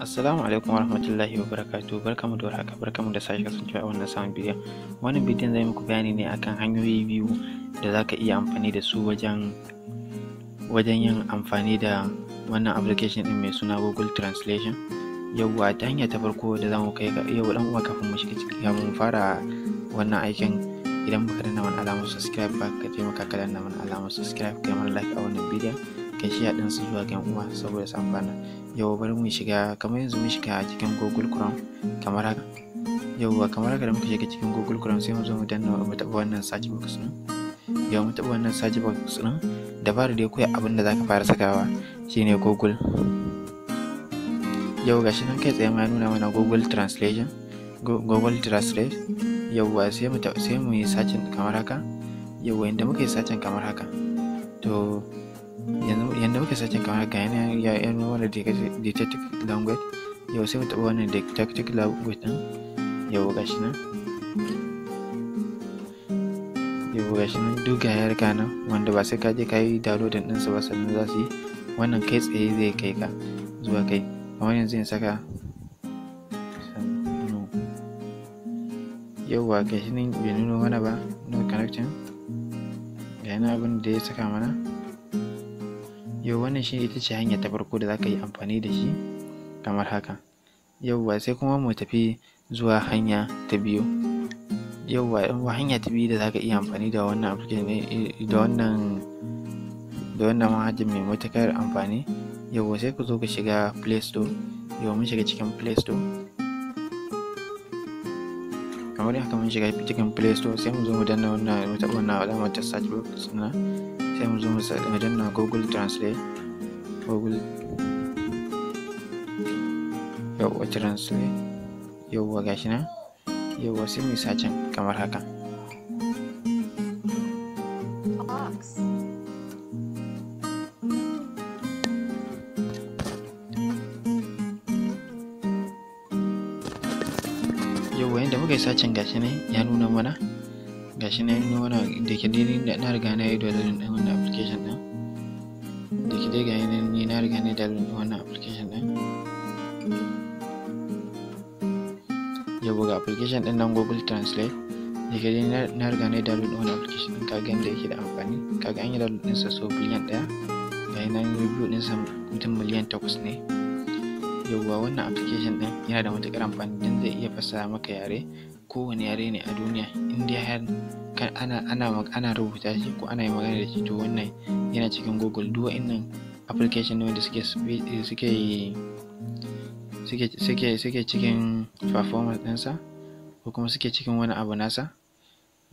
Assalamu alaikum warahmatullahi wabarakatuh barkamu da warhaka barkamu da sake kasancewa a wannan sabon bidiyon wannan bidiyon zai muku bayani ne akan hanyoyi biyu da za ka iya amfani da su wajen wajen yin amfani da wannan application din mai suna Google Translation a ta hanya ta farko da za mu kai ga yau dan uwa kafin mu shiga ciki mu fara wannan aikin idan baka danna wani alamar subscribe ba ka taimaka ka danna wani alamar subscribe kai mana like a wannan bidiyon gaishe din su zuwa ga uwa saboda su amfana yau bari mu shiga kamar yanzu mu shiga cikin google chrome kamar haka yauwa kamar haka da muka shiga cikin google chrome sai mu zo mu danna mu taɓa wannan search box ɗin yau mu taɓa wannan search box ɗin da fara dai koyi abin da zaka fara sakawa shine google yau gashi nan kai tsaye ma nuna mana google translation google translate yauwa sai mu sai mu yi search kamar haka yau inda muka yi search kamar haka to yanzu da muke sakin kamar haka yana ya yi wani didactic language yau sai mu taɓa wannan didactic language ɗin yau ga shi nan yau ga shi nan duk ga yar gana wanda ba sai ka je ka yi downloading ɗinsa ba sannan za su yi wannan kai tsaye zai kai ka zuwa kai kamar yanzu in saka yauwa ga shi nan bai nuno mana ba no connecting ga yana abin da ya saka mana yau wannan shi ita ce hanya ta farko da za ka yi amfani da shi kamar haka yauwa sai kuma mu tafi zuwa hanya ta biyu yauwa hanya ta biyu da za ka iya amfani da wannan eh, wannan da wannan mahajin mai matakar amfani yauwa sai ku zo ka shiga play store yau mun shiga cikin play store kamar haka mun shiga cikin play store sai mu zo mu danna wannan wata wannan alamar ta search box na sai mu zo mu danna google translate google yawwa translate yawwa gashi nan yawwa sai mu sa can kamar haka yawwa yadda muka yi sacin gashi ne ya nuna mana gashi na yi wani da ke dai da na riga na yi downloading din wannan application din da ke dai gashi ni na riga na yi downloading din wannan application din ya buga application din nan google translate da ke dai na riga na yi downloading din wannan application din kaga yadda yake da amfani kaga an yi download din sa so biliyan daya gashi na yi biyu din sa mutum miliyan takwas ne yawwa wannan application din yana da matuƙar amfani don zai iya fasa maka yare kowane yare ne a duniya in dai har ana rubuta shi ko ana yi magana da shi to wannan yana cikin google duk waannan application ne wanda suke cikin performance ɗinsa ko kuma suke cikin wani abu nasa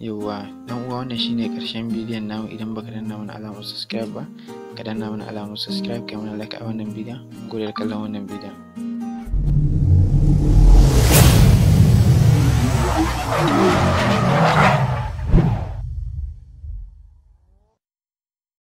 yauwa dan uwa wannan shine karshen bidiyon namu idan baka danna mana alamar subscribe ba ka danna mana alamar subscribe kai mana like a wannan bidiyon gode da kallon wannan bidiyon